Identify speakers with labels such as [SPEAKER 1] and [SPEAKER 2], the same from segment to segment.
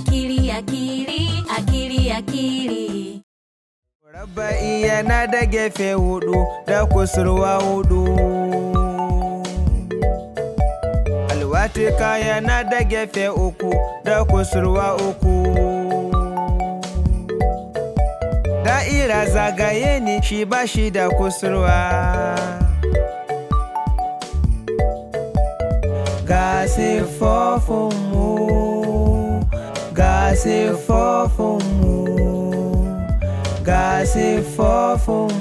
[SPEAKER 1] akili akili akili akili Rabba'i yana da gefe hudu da kusurwa hudu Alwatika yana da gefe uku da kusurwa uku Da'ira zagaye ni shi ba shi da kusurwa Ga siffofin mu ga se fofin mu ga se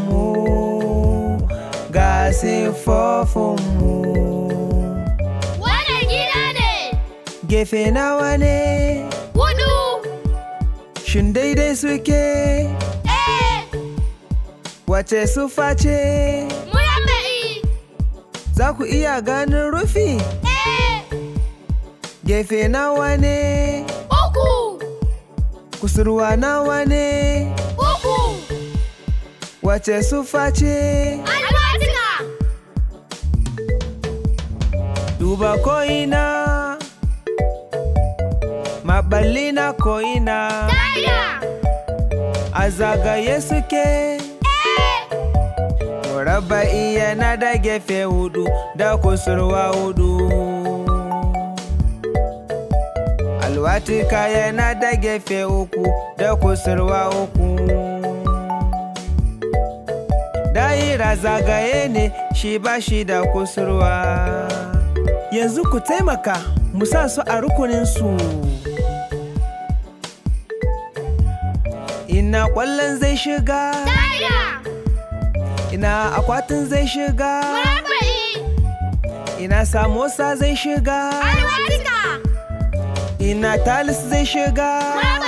[SPEAKER 1] mu ga se mu Wane gida ne gefe nawa ne hudu shin daidai suke eh. wace sufa ce murabba'i za ku iya ganin rufi eh gefe nawa ne kusurwa nawa ne uku wace sufa ce albatika duba ko'ina maɓalli na ko'ina Daira. a zagaye suke Murabba'i eh. yana da gefe hudu da kusurwa hudu. alwatika yana da gefe uku da kusurwa uku daira zagaye ne shi ba shi da kusurwa yanzu ku taimaka mu sa su a rukuninsu ina kwallon zai shiga daira ina akwatin zai shiga murabba'i ina samosa zai shiga alwatika ina talis zai shiga